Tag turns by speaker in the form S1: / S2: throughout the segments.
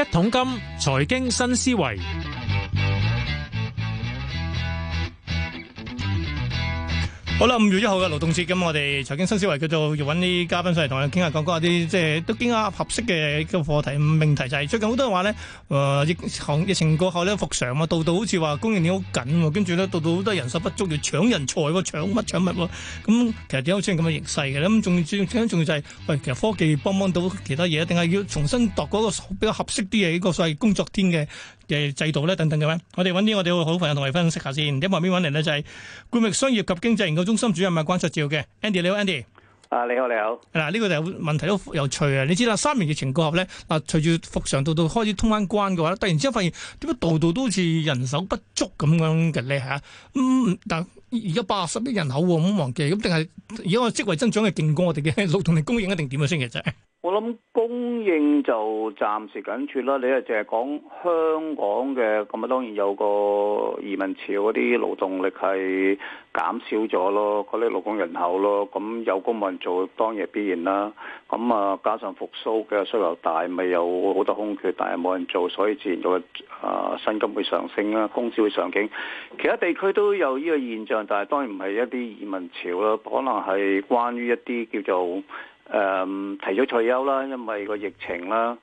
S1: 一桶金財經新思維。好啦，五月一號嘅勞動節，咁我哋財經新思維叫做要揾啲嘉賓上嚟同我哋傾下講講下啲，即係都傾下合適嘅個課題命題。就係最近好多人話咧，誒疫後疫情過後咧復常嘛、啊，度度好似話供應鏈好緊、啊，跟住咧度度好多人手不足，要搶人才喎、啊，搶乜搶乜喎、啊？咁、嗯、其實點解好似咁嘅形勢嘅咧，咁仲最緊要就係、是，喂，其實科技幫幫到其他嘢，定係要重新度嗰個比較合適啲嘅呢個所謂工作天嘅嘅制度咧，等等嘅咩？我哋揾啲我哋好朋友同我哋分析下先。而家喺旁邊揾嚟呢，就係冠域商業及經濟研究中心主任啊關卓照嘅 Andy，你好 Andy，啊你好，你好。嗱呢個就問題都有趣啊！你，你，你知啦，三年疫情過後咧嗱，隨住復常度度開始通翻關嘅話突然之間發現，點解度度都好似人手不足咁樣嘅咧吓咁？但而家八十億人口喎，咁忘記咁定係而家我職位增長嘅勁過我哋嘅勞動力供應一定點嘅先嘅啫。
S2: 我諗供應就暫時緊缺啦，你啊淨係講香港嘅，咁啊當然有個移民潮嗰啲勞動力係減少咗咯，嗰啲勞工人口咯，咁有工冇人做，當然必然啦。咁啊加上復蘇嘅需求大，咪有好多空缺，但係冇人做，所以自然就啊薪金會上升啦，工資會上升。其他地區都有呢個現象，但係當然唔係一啲移民潮啦，可能係關於一啲叫做。誒，um, 提早退休啦，因為個疫情啦，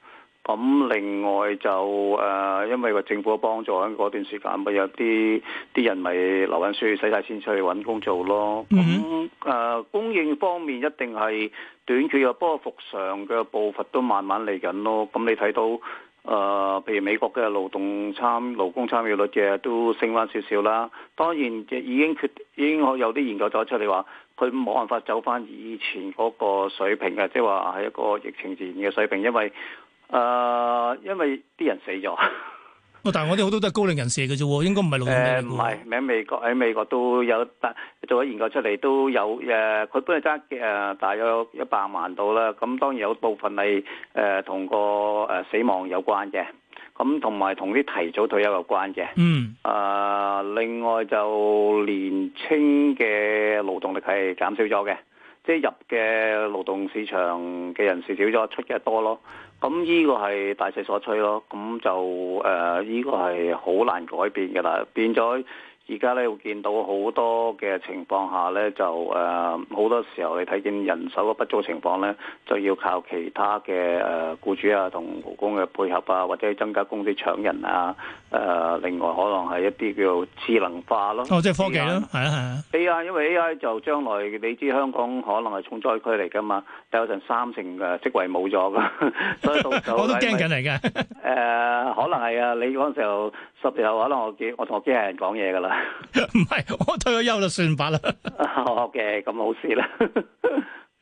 S2: 咁、嗯、另外就誒、呃，因為個政府嘅幫助，喺嗰段時間咪有啲啲人咪留緊書，使晒錢出去揾工做咯。咁誒、mm hmm. 呃，供應方面一定係短缺嘅波幅上嘅步伐都慢慢嚟緊咯。咁、嗯、你睇到誒、呃，譬如美國嘅勞動參勞工參與率嘅都升翻少少啦。當然已經決已經有啲研究咗出嚟話。佢冇辦法走翻以前嗰個水平嘅，即係話係一個疫情前嘅水平，因為誒、呃、因為啲人死咗。 但係我哋好多都係高齡人士嘅啫喎，應該唔係老。唔係，喺美國喺、呃、美，美國都有，但做咗研究出嚟都有誒，佢、呃、本嚟爭誒大約一百萬到啦。咁當然有部分係誒同個誒死亡有關嘅。咁同埋同啲提早退休有關嘅，嗯、呃，另外就年青嘅勞動力係減少咗嘅，即係入嘅勞動市場嘅人士少咗，出嘅多咯。咁呢個係大勢所趨咯，咁就誒呢、呃，呢個係好難改變噶啦，變咗。而家咧會見到好多嘅情況下咧，就誒好、呃、多時候你睇見人手嘅不足情況咧，就要靠其他嘅誒僱主啊同勞工嘅配合啊，或者增加工資搶人啊，誒、呃、另外可能係一啲叫智能化咯，哦、即係科技
S1: 咯 AI
S2: AI，係啊係啊，A I 因為 A I 就將來你知香港可能係重災區嚟㗎嘛，但有陣三成嘅職位冇咗㗎， 所以到我都驚緊嚟嘅。誒可能係啊，你嗰時候十日後可能我我同我機械人講嘢㗎啦。唔係，我退咗休就算罷啦。好嘅，咁冇事啦。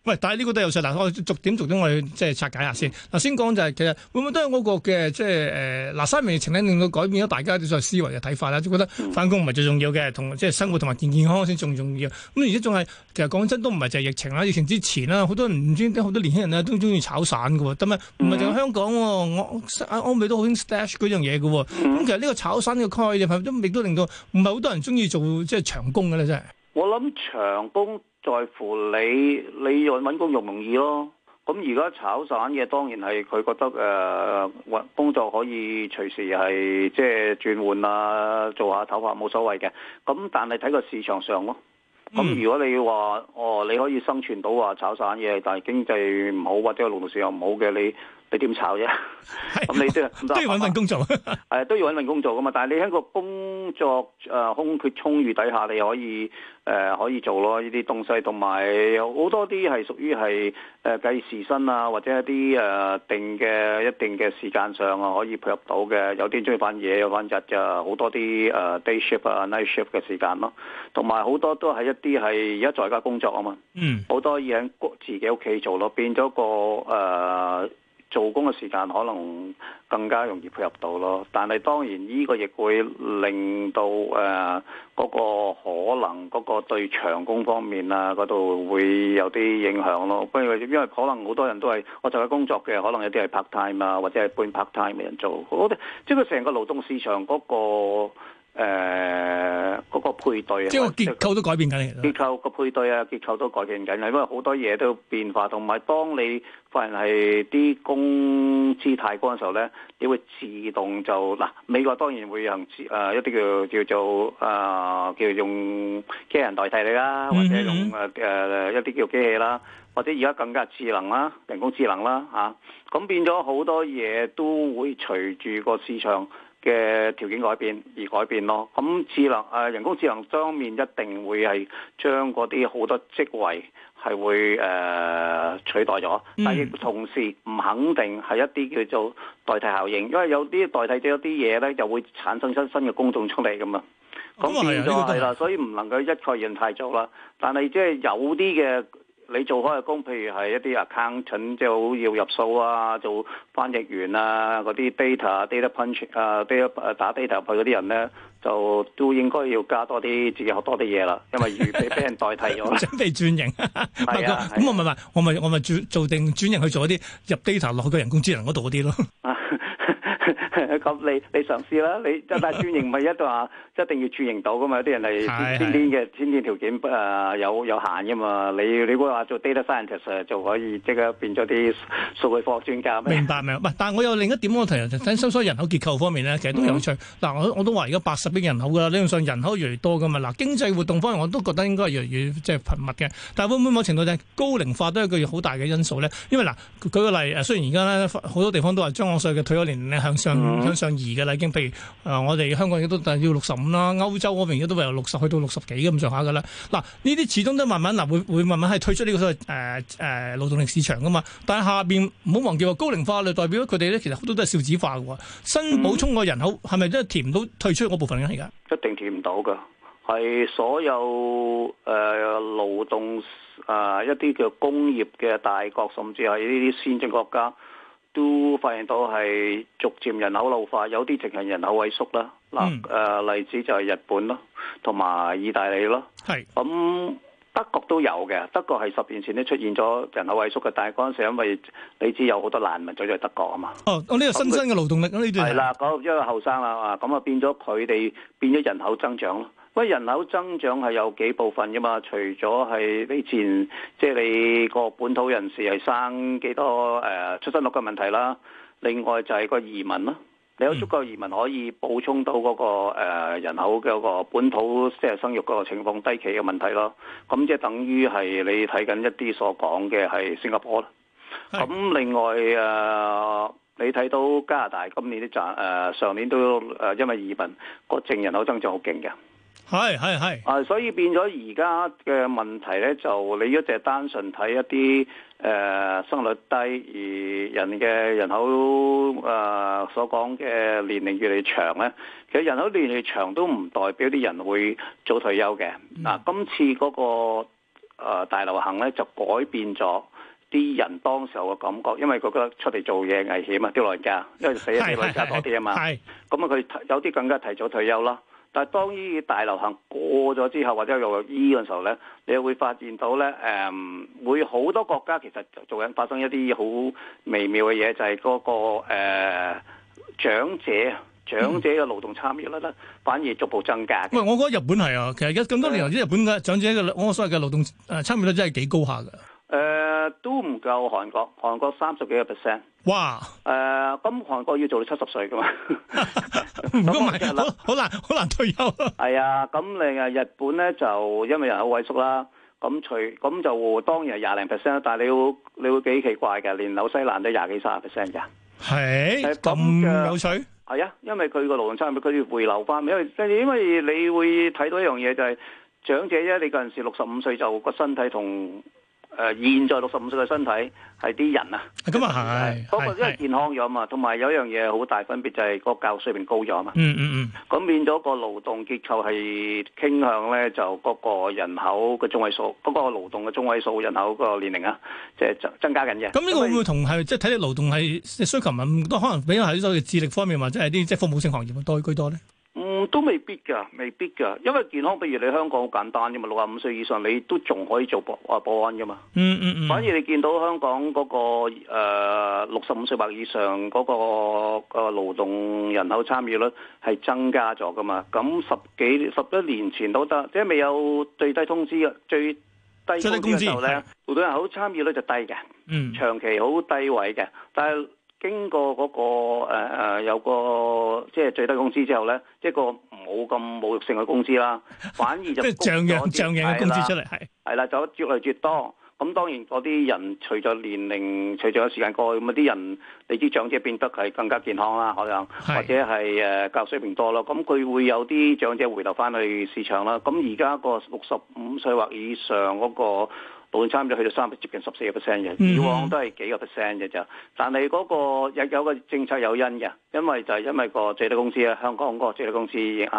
S1: 喂，但係呢個都有曬，嗱，我逐點逐點我哋即係拆解下先。嗱、就是，先講就係其實會唔會都係嗰個嘅，即係誒嗱，三名疫情咧令到改變咗大家啲思維嘅睇法啦，就覺得翻工唔係最重要嘅，同即係生活同埋健健康先仲重要。咁而且仲係其實講真都唔係就係疫情啦，疫情之前啦，好多人唔知點解，好多年輕人咧都中意炒散嘅喎，咁啊唔係就香港喎、嗯，我喺歐美都好興 stash 嗰樣嘢嘅喎。咁、嗯、其實呢個炒散嘅概念亦都令到唔係好多人中意做即係、就是、長工嘅咧，真係。
S2: 我諗長工。在乎你，你又揾工容唔容易咯？咁而家炒散嘢，當然係佢覺得、呃、工作可以隨時係即係轉換啊，做下唞下冇所謂嘅。咁但係睇個市場上咯。咁、嗯、如果你話哦，你可以生存到話炒散嘢，但係經濟唔好或者勞動市場唔好嘅你。你點炒啫？咁是 你都都行要揾份工作、啊，啊、都要揾份工作噶嘛。 但係你喺個工作、呃、空缺充裕底下，你可以、呃、可以做咯。呢啲東西同埋好多啲係屬於係誒、呃、計時薪啊，或者一啲誒、呃、定嘅一定嘅時間上啊，可以配合到嘅。有啲中意返夜，有翻日嘅，好多啲誒、呃、day shift 啊、night shift 嘅時間咯、啊。同埋好多都係一啲係而家在家工作啊嘛。嗯，好多嘢喺自己屋企做咯，變咗個誒。呃做工嘅時間可能更加容易配合到咯，但係當然呢個亦會令到誒嗰、呃嗰個可能嗰個對長工方面啊嗰度會有啲影響咯。不如因為可能好多人都係我做緊工作嘅，可能有啲係 part time 啊或者係半 part time 嘅人做，即係個成個勞動市場嗰、嗰個。誒嗰、呃那個配對啊，即係個結構都改變緊。結構個配對啊，結構都改變緊啦，因為好多嘢都變化。同埋當你發現係啲工資太高嘅時候咧，你會自動就嗱、啊，美國當然會行誒、呃、一啲叫叫做誒、呃、叫用機器人代替你啦，或者用誒誒、呃、一啲叫機器啦，或者而家更加智能啦，人工智能啦嚇。咁、啊、變咗好多嘢都會隨住個市場。嘅條件改變而改變咯，咁智能誒人工智能方面一定會係將嗰啲好多職位係會誒、呃、取代咗，嗯、但係同時唔肯定係一啲叫做代替效應，因為有啲代替咗啲嘢咧，又會產生新新嘅工種出嚟咁啊。
S1: 咁係係
S2: 啦，所以唔能夠一概言太早啦。但係即係有啲嘅。你做開嘅工，譬如係一啲 account 即係好要入數啊，做翻譯員啊，嗰啲 data data punch 啊，data 打 data 入去嗰啲人咧，就都應該要加多啲，自己學多啲嘢啦，因為預備俾人代替咗， 準備轉型係 括啊，咁我咪
S1: 咪、啊、我咪我咪轉做定轉型去做一啲入 data 落去人工智能嗰度嗰啲咯。
S2: 咁、嗯嗯、你你嘗試啦，你即但係轉型唔係一定話一定要轉型到噶嘛？有啲人係先天嘅先天條件不啊、呃、有有限噶嘛？你你會話做 data scientist，就可以即刻變咗啲數據科學專家。明
S1: 白明，唔係但我有另一點，我提緊收縮人口結構方面咧，其實都有趣。嗱、嗯，我我都話而家八十億人口噶啦，理論上人口越嚟越多噶嘛？嗱，經濟活動方面我都覺得應該係越嚟越即係頻密嘅。但係會唔會某程度上高齡化都係一個好大嘅因素咧？因為嗱，舉個例雖雖然而家呢，好多地方都話將我哋嘅退休年齡向上、嗯。嗯、向上移嘅啦，已經，譬如誒、呃，我哋香港而家都大係要六十五啦，歐洲嗰邊而家都由六十去到六十幾咁上下嘅啦。嗱，呢啲始終都慢慢嗱，會會慢慢係退出呢個所謂誒誒、呃呃、勞動力市場噶嘛。但係下邊唔好忘記話高齡化，就代表佢哋咧，其實好多都係少子化嘅喎。新補充嘅人口係咪都填唔到退出嗰部分嘅而家？
S2: 一定填唔到嘅，係所有誒、呃、勞動誒、呃、一啲叫工業嘅大國，甚至係呢啲先進國家，都發現到係逐漸人口老化，有啲直情人口萎縮啦。嗱、嗯，誒例子就係日本咯，同埋意大利咯。係咁是，咁德國都有嘅。德國係十年前都出現咗人口萎縮嘅，但係嗰陣時因為你知有好多難民走咗去德國啊嘛。哦，哦呢個新生嘅勞動力呢段係啦，嗰因為後生啦，咁啊變咗佢哋變咗人口增長咯。人口增長係有幾部分噶嘛？除咗係你之前，即、就、係、是、你個本土人士係生幾多誒、呃、出生率嘅問題啦。另外就係個移民咯，你有足夠移民可以補充到嗰、那個、呃、人口嘅個本土即係、就是、生育嗰個情況低企嘅問題咯。咁即係等於係你睇緊一啲所講嘅係新加坡啦。咁是另外誒、呃，你睇到加拿大今年啲賺誒上年都誒因為移民個淨人口增長好勁嘅。係係係，啊，所以變咗而家嘅問題咧，就你一直單純睇一啲誒、呃、生率低而人嘅人口啊、呃、所講嘅年齡越嚟越長咧，其實人口年齡長都唔代表啲人會早退休嘅。嗱、嗯啊，今次嗰、那個、呃、大流行咧就改變咗啲人當時候嘅感覺，因為佢覺得出嚟做嘢危險啊，丟老人家，因為死啲老人家多啲啊嘛。係，咁啊，佢有啲更加提早退休咯。但係當呢個大流行過咗之後，或者又有醫嘅時候咧，你會發現到咧，誒、嗯、會好多國家其實做緊發生一啲好微妙嘅嘢，就係、是、嗰、那個誒、呃、長者長者嘅勞動參與率咧，反而逐步增加。喂，
S1: 我覺得日本係啊，其實而家咁多年頭，日本嘅長者嘅我所謂嘅勞動誒參與率真係幾高下㗎。
S2: 誒、呃，都唔夠韓國，韓國三十幾個 percent。哇！誒、呃，咁、嗯、韓國要做到七十歲噶嘛？唔該， 唔 好，好難，好難退休。係啊、哎，咁另誒，日本咧就因為人口萎縮啦，咁除咁就當然係廿零 percent 啦。但係你會你會幾奇怪嘅，連紐西蘭都廿幾卅 percent 嘅。係誒，咁是、嗯、有趣。係啊、嗯嗯，因為佢個勞動參與佢要回流翻，因為因為你會睇到一樣嘢就係、是、長者咧，你嗰陣時六十五歲就個身體同。誒、呃、現在六十五歲嘅身體係啲人啊，咁啊係，不過因為健康咗啊嘛，同埋是有一樣嘢好大分別就係個教育水平高咗啊嘛。嗯嗯嗯，咁、嗯、變咗個勞動結構係傾向咧，就個個人口嘅中位數，嗰、那個勞動嘅中位數人口個年齡啊，即係增增加緊嘅。咁呢、嗯嗯、個會唔會同係
S1: 即係體力勞動係需求唔係咁多，可能比較係所謂智力方面或者係啲即係服務性行業多居多
S2: 咧？嗯、都未必噶，未必噶，因為健康，譬如你香港好簡單啫嘛，六十五歲以上你都仲可以做保啊保安噶嘛。嗯嗯嗯。嗯嗯，反而你見到香港嗰、嗰個六十五歲或以上嗰、嗰個個勞、呃、動人口參與率係增加咗噶嘛？咁十幾十一年前都得，即係未有最低通知，嘅最低工資嘅時候咧，勞、嗯、動人口參與率就低嘅，長期好低位嘅，但係。經過嗰、那個誒誒、呃，有個即係最低工資之後咧，即係個冇咁侮辱性嘅工資啦，反而就漲
S1: 嘅漲嘅工資出嚟，
S2: 係係啦，就越嚟越多。咁當然嗰啲人隨住年齡，隨住時間過去，咁啲人你知長者變得係更加健康啦，可能是或者係誒、呃、教育水平多咯。咁佢會有啲長者回流翻去市場啦。咁而家個六十五歲或以上嗰、那個。本差唔多去到三接近十四個 percent 嘅，以往都係幾個 percent 嘅咋。但係嗰、那個有有個政策有因嘅，因為就係因為個借貸公司啊，香港個借貸公司嚇。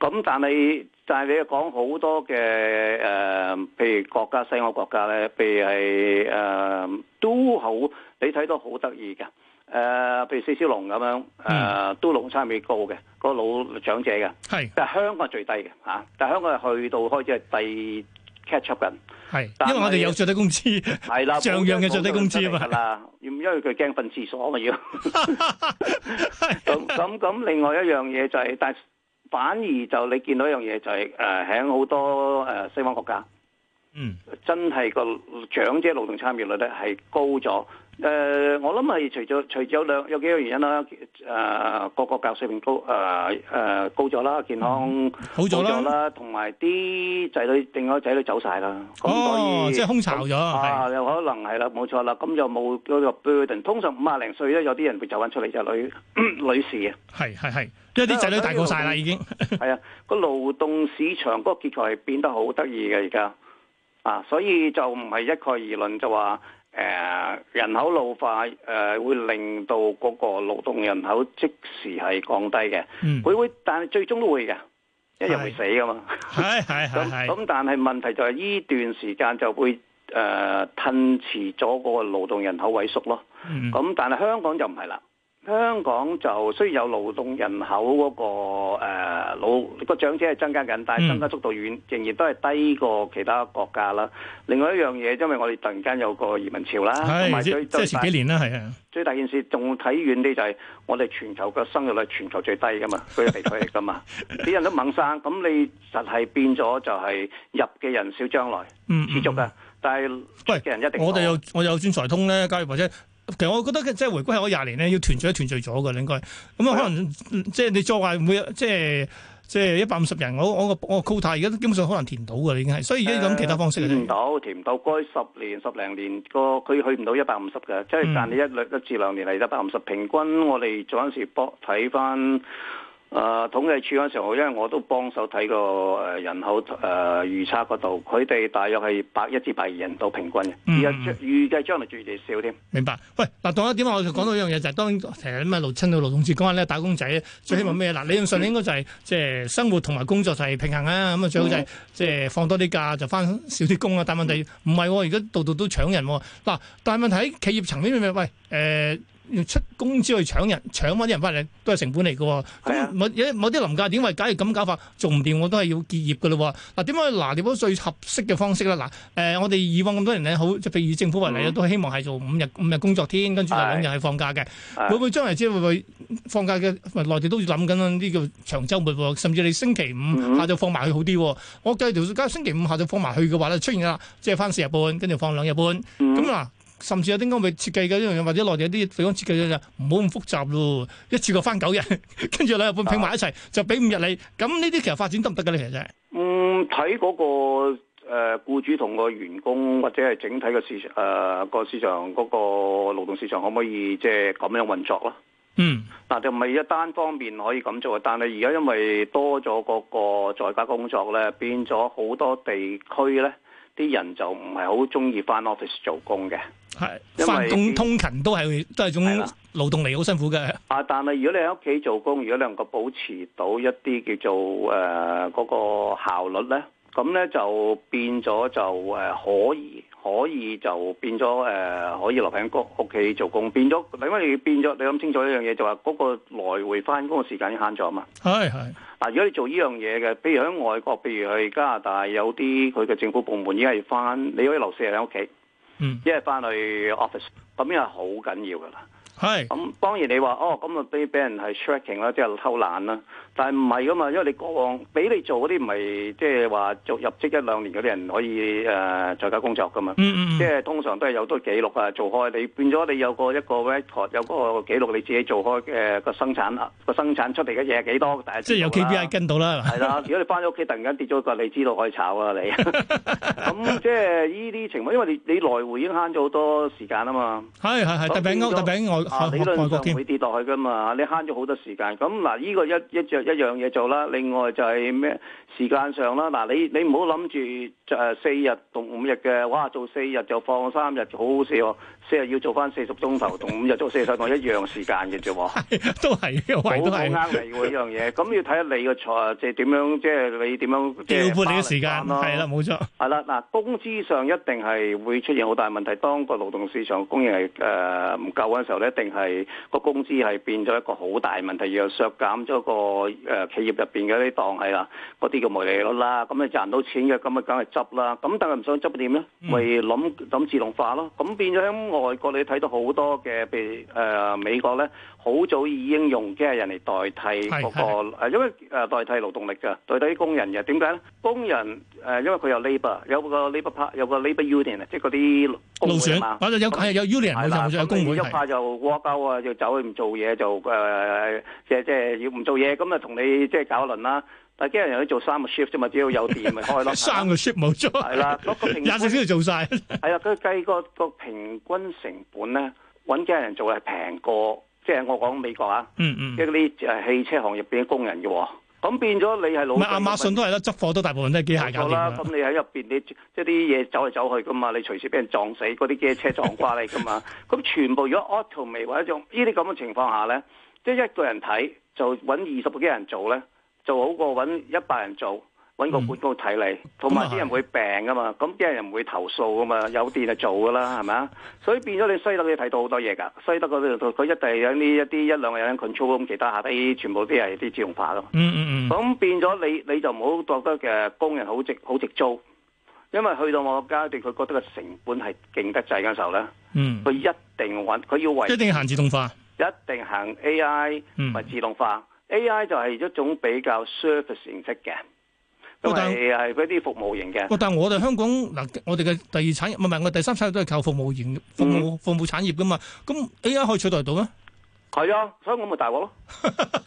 S2: 咁、啊、但係但係你講好多嘅誒、呃，譬如國家西歐國家咧，譬如係誒、呃、都好，你睇到好得意嘅誒，譬如四小龍咁樣誒，呃嗯、都老差唔多高嘅，那個老長者嘅是、啊，但係香港係最低嘅嚇，但係香港係去到開始係第。catch up 緊，係是，是因為我哋有最低工資，係啦的，像樣嘅最低工資啊嘛，要唔因為佢驚瞓廁所啊嘛，咁咁咁，另外一樣嘢就係、是，但反而就你見到一樣嘢就係、是，誒喺好多誒、呃、西方國家，嗯，真係個長者勞動參與率咧係高咗。誒、呃，我諗係除咗除咗兩有幾個原因啦，誒、呃，個個教水平高，誒、呃、誒、呃、高咗啦，健康好咗、嗯、啦，同埋啲仔女，定咗仔女走晒啦，哦，可以即係空巢咗，啊，是又可能係啦，冇錯啦，咁就冇嗰個 burden。通常五廿零歲咧，有啲人會走返出嚟就係、女女士嘅，係係係，因為啲仔女大個晒啦，已經係啊個勞動市場嗰個結構係變得好得意嘅而家，啊，所以就唔係一概而論就話。誒、呃、人口老化誒、呃、會令到嗰個勞動人口即時係降低嘅，嗯、會會但係最終都會嘅，是一日會死噶嘛。係係係咁但係問題就係呢段時間就會誒吞遲咗個勞動人口萎縮咯。咁、嗯、但係香港就唔係啦。香港就雖然有勞動人口嗰、那個誒老個長者係增加緊，但係增加速度遠仍然都係低過其他國家啦。嗯、另外一樣嘢，因為我哋突然間有個移民潮啦，同埋的最即係前幾年啦，係啊。最大件事仲睇遠啲就係我哋全球嘅生育率全球最低噶嘛，佢個地台嚟噶嘛，啲 人都猛生，咁你實係變咗就係入嘅人少將，將來嗯嗯持續噶，但係唔係嘅人一定我哋有
S1: 我有專財通咧，假如或者。其實我覺得即係回歸係我廿年咧，要團聚都團聚咗嘅，應該咁啊、嗯。可能是的、嗯、即係你作話每日即係即係一百五十人，我我個我個 quota 而家基本上可能填唔到嘅，已經係。所以而家要諗其他方式填唔
S2: 到，填唔到。嗰十年十零年個佢去唔到一百五十嘅，即係、嗯、但係一兩一至兩年嚟得一百五十平均我。我哋做緊時博睇返。啊，統計處嗰時候，因為我都幫手睇個誒人口誒、呃、預測嗰度，佢哋大約係百一至百二人度平均嘅，而家預計將來越嚟越少添、嗯。
S1: 明白？喂，嗱，當一點我講到一樣嘢就係、是、當成日咁啊，勞親啊，勞動節講話咧，打工仔最希望咩咧？嗱、嗯，理論上咧應該就係即係生活同埋工作就係平衡啊，咁啊最好就係即係放多啲假就翻少啲工啊。但問題唔係、哦，而家度度都搶人喎。嗱，但係問題喺企業層面明明喂誒。呃要出工資去搶人，搶翻啲人翻嚟，都係成本嚟嘅、哦。咁的某某啲臨界點為，話假如咁搞法做唔掂，我都係要結業嘅咯。嗱、啊，點解拿捏到最合適嘅方式咧，嗱、啊呃，我哋以往咁多年咧，好，譬如以政府為例、嗯、都希望係做五日五日工作天，跟住就兩日係放假嘅。的每日會唔會將嚟即係會唔會放假嘅內地都要諗緊呢個長週末，甚至你星期五下晝放埋去好啲、哦。嗯、我計條數，假如星期五下晝放埋去嘅話咧，出現啦，即係翻四日半，跟住放兩日半咁、嗯、啊。甚至有啲工未設計嘅一樣，或者內地有啲地方設計嘅就唔好咁複雜咯。一次過返九日，跟 住兩日半拼埋一齊，就俾五日你。咁呢啲其實發展得唔得㗎咧？其實嗯，
S2: 睇嗰個僱主同個員工或者係整體嘅市誒個市場嗰、呃嗰個嗰個勞動市場可唔可以即係咁樣運作咯？嗯，嗱就唔係一單方面可以咁做嘅。但係而家因為多咗嗰個在家工作咧，變咗好多地區咧。啲人就唔係好中意翻 office 做工嘅，係翻工通勤都係都係種勞動力，好辛苦嘅。啊！但係如果你喺屋企做工，如果你能夠保持到一啲叫做誒嗰個效率咧，咁咧就變咗就誒可以。可以就變咗誒、呃，可以留喺屋企做工，變咗。另外你變咗，你諗清楚一樣嘢，就話、是、嗰個來回翻工嘅時間已經慳咗啊嘛。係係。嗱，如果你做呢樣嘢嘅，譬如喺外國，譬如去加拿大有啲佢嘅政府部門，依家係翻，你可以留四日喺屋企，嗯 ice,，一係翻去 office，咁樣係好緊要噶啦。咁是、嗯，當然你話哦，咁啊俾俾人係 tracking 啦，即係偷懶啦。但係唔係㗎嘛，因為你過往俾你做嗰啲，唔係即係話做入職一兩年嗰啲人可以誒在家工作㗎嘛。嗯、即係通常都係有多記錄啊，做開你變咗你有個一個 record，有個個記錄你自己做開誒個、呃、生產個、啊、生產出嚟嘅嘢幾多。即係有 KPI
S1: 跟到啦。係
S2: 啦，如果你返咗屋企突然間跌咗個，你知道可以炒啊你。咁、 嗯、即係呢啲情況，因為你你來回已經慳咗好多時間啊嘛。
S1: 係係係，特特啊、理論上唔會
S2: 跌落去噶嘛，你慳咗好多時間。咁嗱，呢個一一隻一、一樣嘢做啦。另外就係咩時間上啦。嗱、啊，你你唔好諗住誒四日同五日嘅，哇，做四日就放三日，就好好笑、哦。四日要做翻四十鐘頭，同五日做四十個一樣時間嘅啫，
S1: 都係，好啱你
S2: 喎呢樣嘢。咁要睇下你嘅才，即係點樣，即係你點樣調配你嘅時間咯。係啦，冇錯。係啦，嗱，工資上一定係會出現好大問題。當個勞動市場供應係誒唔夠嘅時候咧，一定係個工資係變咗一個好大問題，要削減咗個誒企業入邊嘅啲檔，係啦，嗰啲嘅毛利率啦。咁你賺唔到錢嘅，咁咪梗係執啦。咁但係唔想執點咧？咪諗諗自動化咯。咁變咗。外國你睇到好多嘅譬如誒美國咧，好早已經用機械人嚟代替嗰、那個，因為誒、呃、代替勞動力嘅，代替工人嘅。點解咧？工人誒、呃，因為佢有 labour，有個 labour party，有個 labour union，即係嗰啲勞工反正有係有 union 係咪？有個工會。有一，個工人一怕就罷交啊，的要走，唔做嘢就誒、呃，即係即係要唔做嘢，咁啊同你即係搞一輪啦。啊！機械人去做三個 shift 啫嘛，只要有電咪開咯。 三
S1: 個 shift 冇錯。係啦， 攞、那個平均廿四小時做晒。
S2: 係啊， 佢計個、那個平均成本咧，揾機械人做係平過，即、就、係、是、我講美國啊。即係嗰啲誒汽車行業變工人嘅、啊、喎。咁變咗你係老唔係？亞馬遜都
S1: 係啦、就是，執貨都大部分都係機械搞掂啦、啊。咁
S2: 你喺入邊，你即係啲嘢走嚟走去噶嘛，你隨時俾人撞死，嗰啲機車撞瓜你噶嘛。咁 全部如果 auto 未或者用呢啲咁嘅情況下咧，即係一個人睇就揾二十個機械人做咧。做好過揾一百人做，揾個半高睇你，同埋啲人會病噶嘛，咁啲的人唔會投訴噶嘛，有電就做噶啦，係咪啊？所以變咗你西德你睇到好多嘢噶，西德嗰度佢一定有呢一啲一兩個人 control，咁其他下底全部都係啲自動化咯、嗯。嗯嗯嗯。咁變咗你你就唔好覺得嘅工人好值好值，值租，因為去到某個階段佢覺得個成本係勁得滯嗰時候咧。嗯。佢一定揾，佢要為。一定行自動化。一定行 AI 同埋自動化。嗯。A.I. 就係一種比較 surface 形式嘅，都係係嗰啲服務型嘅。我但
S1: 係我哋香港嗱，我哋嘅第二產業唔係唔係我哋第三產業都係靠服務型服務服務產業噶嘛。咁、嗯、A.I. 可以取代到咩？
S2: 係啊，所以我咪大鑊咯。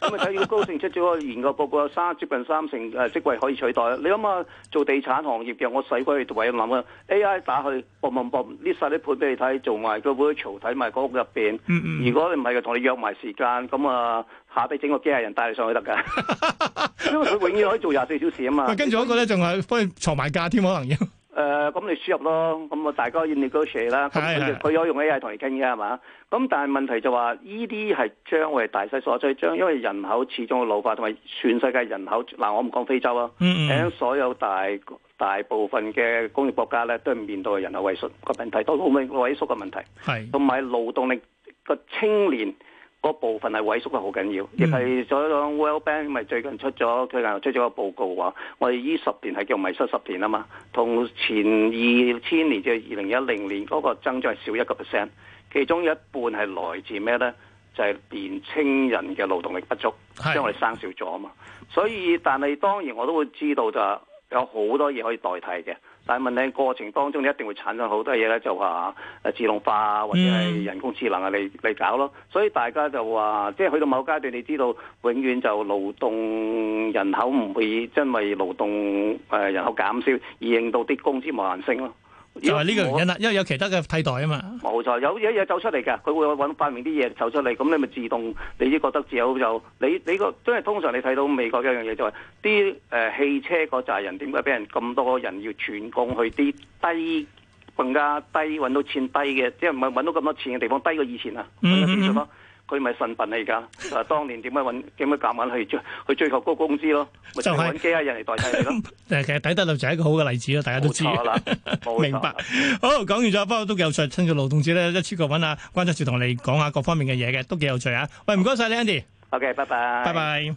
S2: 咁咪睇要高盛出咗個研究報告，三接近三成誒、呃、職位可以取代。你諗下做地產行業嘅我使鬼威同埋諗啊，AI 打去，啵啵啵呢晒啲盤俾你睇，做埋個 Virtual 睇埋嗰屋入邊。嗯嗯如果你唔係嘅，同你約埋時間，咁啊，下俾整個機械人帶你上去得㗎。 因為佢永遠可以做廿四小時啊嘛。 跟住嗰個
S1: 咧，仲係幫你坐埋價添，可能要。
S2: 誒咁、呃、你輸入咯，咁我大家要你嗰啲嘢啦，佢佢是可以用 AI 同你傾嘅係嘛？咁但係問題就話，依啲係將會大勢所趨，將因為人口始終老化同埋全世界人口，嗱、呃、我唔講非洲啊，喺、嗯嗯、所有大大部分嘅工業國家咧，都係面對人口萎縮個問題，都老齡萎縮嘅問題，同埋是是 勞動力個青年。嗰部分係萎縮得好緊要，亦係所以講 World Bank 咪最近出咗最近又出咗個報告話，我哋依十年係叫迷失十年啊嘛，同前二千年至二零一零年嗰個增長係少一個 percent，其中一半係來自咩咧？就係、是、年青人嘅勞動力不足，因為是我哋生少咗啊嘛，所以但係當然我都會知道就係有好多嘢可以代替嘅。但係問你過程當中，你一定會產生好多嘢咧，就話誒自動化或者係人工智能嚟嚟搞咯。所以大家就話，即係去到某個階段，你知道永遠就勞動人口唔會因為勞動誒人口減少，而令到啲工資無限升咯。就係呢個原因啦，因
S1: 為有其他嘅替代啊嘛。
S2: 冇錯，有嘢嘢走出嚟嘅，佢會揾發明啲嘢走出嚟，咁你咪自動你覺得自有就你你個，因為通常你睇到美國一樣嘢就係啲誒汽車嗰扎人，點解俾人咁多個人要轉工去啲低更加低揾到錢低嘅，即係唔係揾到咁多錢嘅地方低過以前啊，咁樣咯。佢咪神品啊！而家啊，當年點解揾點解夾硬去追去追求高工資咯？就係
S1: 揾機器人嚟代替你咯。誒，其實抵得就係一個好嘅例子咯，大家都知。冇錯啦，明白。好，講完咗，不過都幾有趣。趁住勞動節咧，一次過揾阿關焯照同你講下各方面嘅嘢嘅，都幾有趣啊！喂，唔該曬你 Andy。
S2: OK，拜拜。拜拜。